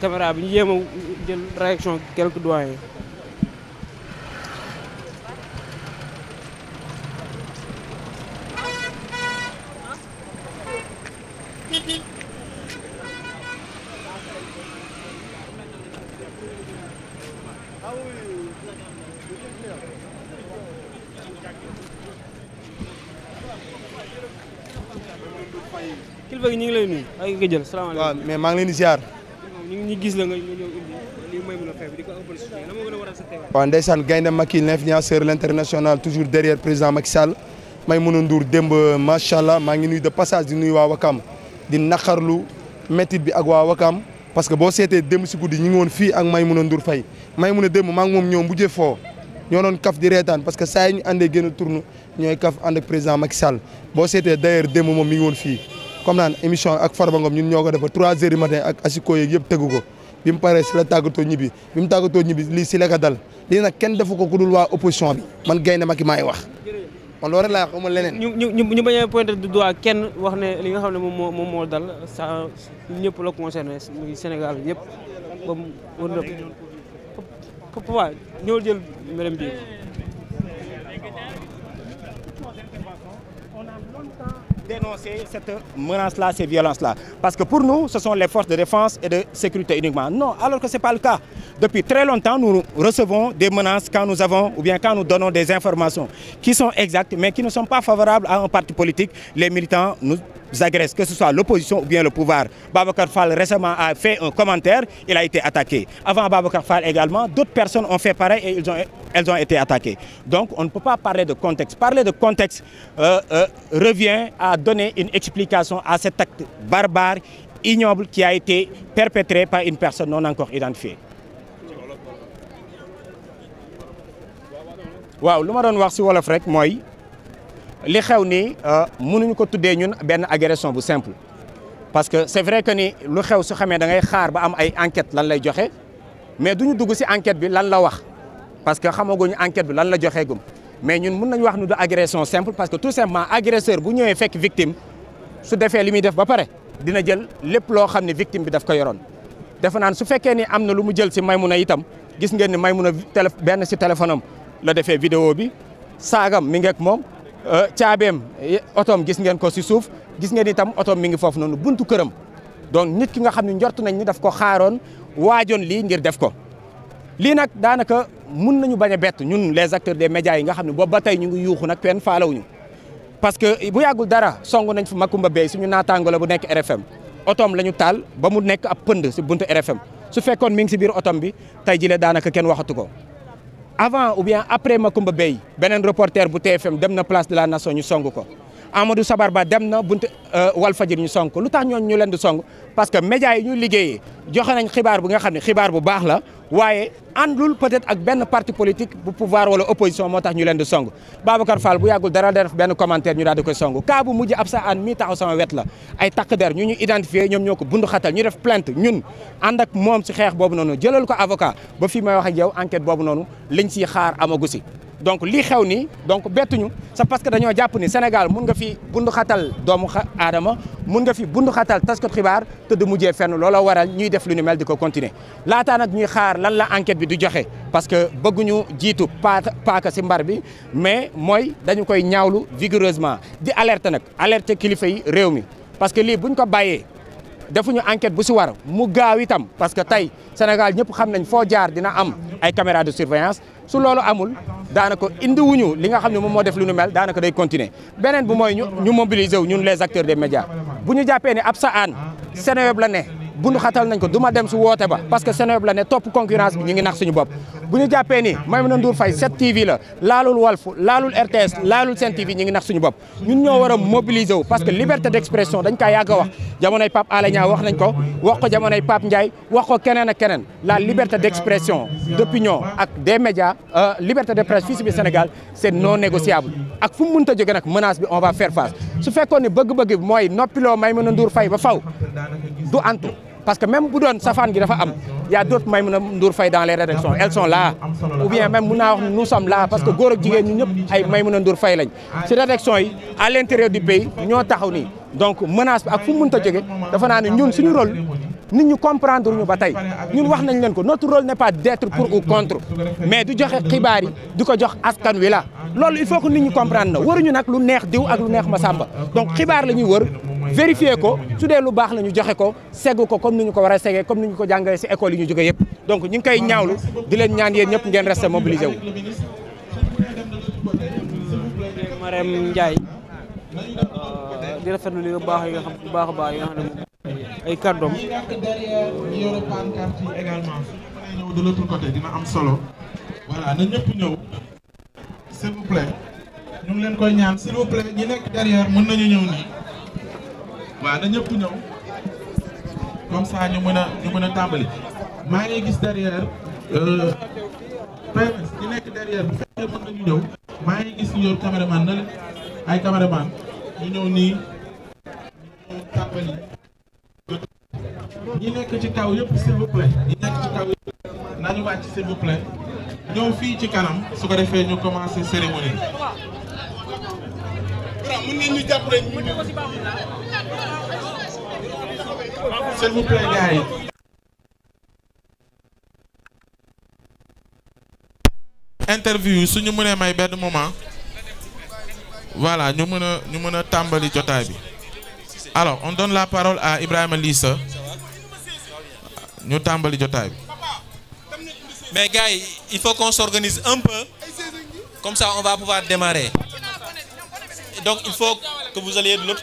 caméra bi ñu jéem a jël réaction quelques doyens kilifa ñu ngi lay nuyu. maa ngi jël salaamaaleykum. waaw mais maa ngi leen ñu ngi gis la nga ñëw indi lii mooy mën a fay di ko ëppal suñu lan moo gën a Sall may mën a nduur démb macha allah maa ngi nuyu de passage di nuyu waa Wakam di naqarlu métit bi ak waa Wakam parce que boo seetee démb si guddi ñu ngi woon fii ak may mën a nduur fay may mën a démb maa moom ñoom bu jëf foo ñoo doon kaf di reetaan parce que saa yi ñu àndee gën a tourne ñooy kaf ànd président Macky Sall boo seetee d'ailleurs démb moom mi ngi woon fii comme naan émission ak Farba Ngom ñun ñoo ko def ba 3 heures du matin ak asiko yeeg yëpp tegu ko bi mu paree si la tàggatoo ñibbi bi mu tàggatoo ñibbi lii si la ko dal lii nag kenn defu ko ku dul waa opposition bi man Gaynde Macky maay wax. kon loolu rek laa xamal leneen. ñu ñu ñu bañ a pointer du doigt kenn wax ne li nga xam ne moom moo moom moo dal sa ñëpp la concerné muy Sénégal yëpp ba mu wër na papa ñoo jël mërëm bi. dénoncer cette menace-là, ces violences-là. Parce que pour nous, ce sont les forces de défense et de sécurité uniquement. Non, alors que ce n'est pas le cas. Depuis très longtemps, nous recevons des menaces quand nous avons ou bien quand nous donnons des informations qui sont exactes mais qui ne sont pas favorables à un parti politique. Les militants nous agressent, que ce on l'opposition ou bien le pouvoir. Babacar Fall récemment a fait un commentaire, il a été attaqué. Avant Babacar Fall également, d'autres personnes on fait pareil et elles ont été attaquées. Donc on ne peut pas parler de contexte. Parler de contexte euh, euh, revient à donner une explication à cet acte barbare, ignoble qui a été perpétré par une personne non encore identifiée. waaw lu ma doon wax ci wolof rek mooy li xew nii mun euh, mënuñu ko tuddee ñun benn agression bu simple parce que c'est vrai que ni lu xew su xamee da ngay xaar ba am ay enquête lan lay joxe mais duñu dugg si enquête bi lan la wax parce que xamaguñu enquête bi lan la joxee gum mais ñun mun nañu wax ni du agression simple parce que tout simplement agresseur bu ñëwee fekk victime su defee li muy def ba pare dina jël lépp loo xam ne victime bi daf ko yoroon defe naan su fekkee ni am na lu mu jël ci Maymuna itam gis ngeen ni Maymuna télé benn ci téléphone la defee vidéo bi saagam mi ngeek moom Euh, caabeem eh, otoom gis ngeen ko si suuf gis ngeen itam otoom mi ngi foofu noonu buntu këram donc nit ki nga xam ne njort nañ ni daf ko xaaroon waajoon lii ngir def ko lii nag daanaka mun nañu bañ a bett ñun les acteurs des médias yi nga xam ne boobu ba tey ñu ngi yuuxu nag kenn faalawuñu parce que bu yàggul dara song nañ fa Makumba Bey suñu naataango la bu nekk RFM otoom la ñu taal ba mu nekk ab pënd si buntu RFM su fekkoon mi ngi si biir otoom bi tey jile daanaka kenn waxatu ko avant ou bien après Macoumba Bey beneen reporter bu TFM dem na place de la nation ñu song ko Amadou Sabar Ba dem na buntu euh, Walfadjri ñu song ko lu tax ñooñu ñu leen di song parce que médias yi ñu liggéeyee joxe nañ xibaar bu nga xam ne xibaar bu baax la. waaye àndul peut-être ak benn parti politique bu pouvoir wala opposition moo tax ñu leen di song Babacar Fall bu yàggul dara def benn commentaire ñu daal di koy song cas bu mujj Absa Anne mii taxaw sama wet la ay takk der ñu ñu identifié ñoom ñoo ko bundu xatal ñu def plainte ñun ànd ak moom si xeex boobu noonu jëlal ko avocat ba fi may wax ak yow enquête boobu noonu liñ si xaar amagu si donc lii xew nii donc bettuñu c'est parce que dañoo jàpp ni Sénégal mun nga fi bunduxatal xatal doomu aadama mun nga fi bundu xatal taskatu xibaar te du mujjee fenn looloo waral ñuy def lu ni mel di ko continuer laataa nag ñuy xaar lan la enquête bi du joxe parce que bëgguñu jiitu paaka si mbar bi mais mooy dañu koy ñaawlu vigoureusement di alerter nag alerte kilifa yi réew mi parce que lii buñ ko bàyyee defuñu enquête bu si war mu gaaw itam parce que tey Sénégal ñëpp xam nañ foo jaar dina am ay caméra de surveillance su loolu amul daanaka indi wuñu li nga xam ne moom moo def lu nu mel daanaka day continuer beneen bu mooy ñu ñu mobiliser wu les acteurs des média bu ñu jàppee ne ab sa aan Seneweb la ne bunu xatal nañ ko duma ma dem su woote ba parce que Seneweb la ne topp concurrence bi ñu ngi nax suñu bopp bu ñu jàppee ni Maimouna Ndour Faye 7TV la laalul Walf laalul RTS laalul Sen TV ñi ngi nax suñu bopp ñun ñoo war a mobiliser parce que liberté d'expression dañ kaa yàgg a wax jamonoy Pape Alé Niang wax nañ ko wax ko jamonoy Pape Ndiaye wax ko keneen ak keneen la liberté d'expression d'opinion ak des média euh, liberté de presse fii si biir Sénégal c'est non négociable ak fu mu mënta jóge nag menace bi on va faire face su fekkoon ne bëgg-bëgg bi mooy noppiloo Maimouna Ndour Faye ba faw du parce que même bu doon safaan gi dafa am y a d'autres Maïmouna Ndour Faye dans les rédactions elles sont là ou bien même mun naa wax nous sommes là parce que góor ak jigéen ñëpp ay Maïmouna Ndour Faye lañ ci rédaction yi à l'intérieur du pays ñoo taxaw ni donc menace bi ak fu mu mënta jóge dafa naa ne ñun suñu rol nit ñu comprendre ñu ba tey ñun wax nañ leen ko notre rôle n'est pas d'être pour ou contre mais du joxe xibaar yi di ko jox askan wi la loolu il faut que nit ñu comprendre na waruñu nag lu neex diw ak lu neex Masamba donc xibaar la ñuy wër vérifier ko su dee lu baax la ñu joxe ko segg ko comme ni ñu ko war a segee comme ni ñu ko jàngalee si école yi ñu jógee yëpp donc ñu ngi koy ñaawlu di leen ñaan yéen ñëpp ngeen resté mobilisé wu. Marème euh, di rafetlu li nga baax yi nga xam bu baax baax yi nga ay kàddoom. am solo voilà na ñëpp ñëw ñu ñëw nii waa na ñëpp ñëw comme ça ñu mën a mën a tàmbali maa ngi gis derrière euh, PMS ki nekk derrière bu fekkee mën nañu ñëw maa ngi gis ñu yor caméraman na leen ay caméraman ñu ñëw nii ñu tàmbali nekk ci kaw yépp s'il vous plaît ñi nekk ci kaw yëpp nañu wàcc s'il vous plaît ñëw fii ci kanam su ko defee ñu commencé cérémonie bi. s'il vous plaît gars yi su ñu mënee may benn moment voilà ñu mën ñu mën a tàmbali jotaay bi alors on donne la parole à Ibrahima Lissa ñu tàmbali jotaay bi. mais gars il faut qu'on s'organise un peu comme ça on va pouvoir démarrer donc il faut que vous alliez de l'autre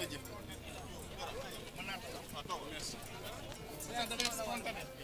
jërëjëf.